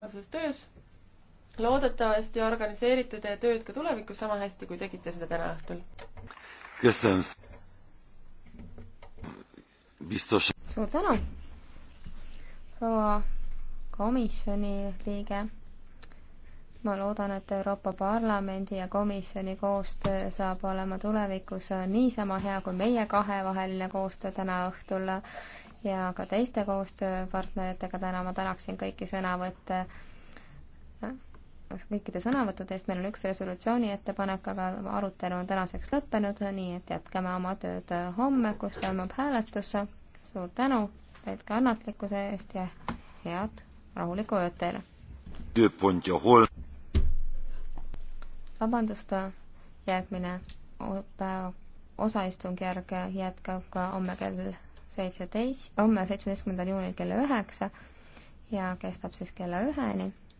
igapäevases töös. loodetavasti organiseerite te tööd ka tulevikus sama hästi, kui tegite seda täna õhtul. suur tänu, proua komisjoni liige ma loodan, et Euroopa Parlamendi ja komisjoni koostöö saab olema tulevikus niisama hea kui meie kahevaheline koostöö täna õhtul ja ka teiste koostööpartneritega täna. ma tänaksin kõiki sõnavõtte, kõikide sõnavõttude eest. meil on üks resolutsiooni ettepanek, aga arutelu on tänaseks lõppenud, nii et jätkame oma tööd homme, kus toimub hääletus. suur tänu teid kannatlikkuse eest ja head rahulikku ööd teile! tööpontja hol- vabandust, järgmine päev, osaistungjärg jätkab ka homme kell seitseteist, homme seitsmeteistkümnendal juunil kella üheksa ja kestab siis kella üheni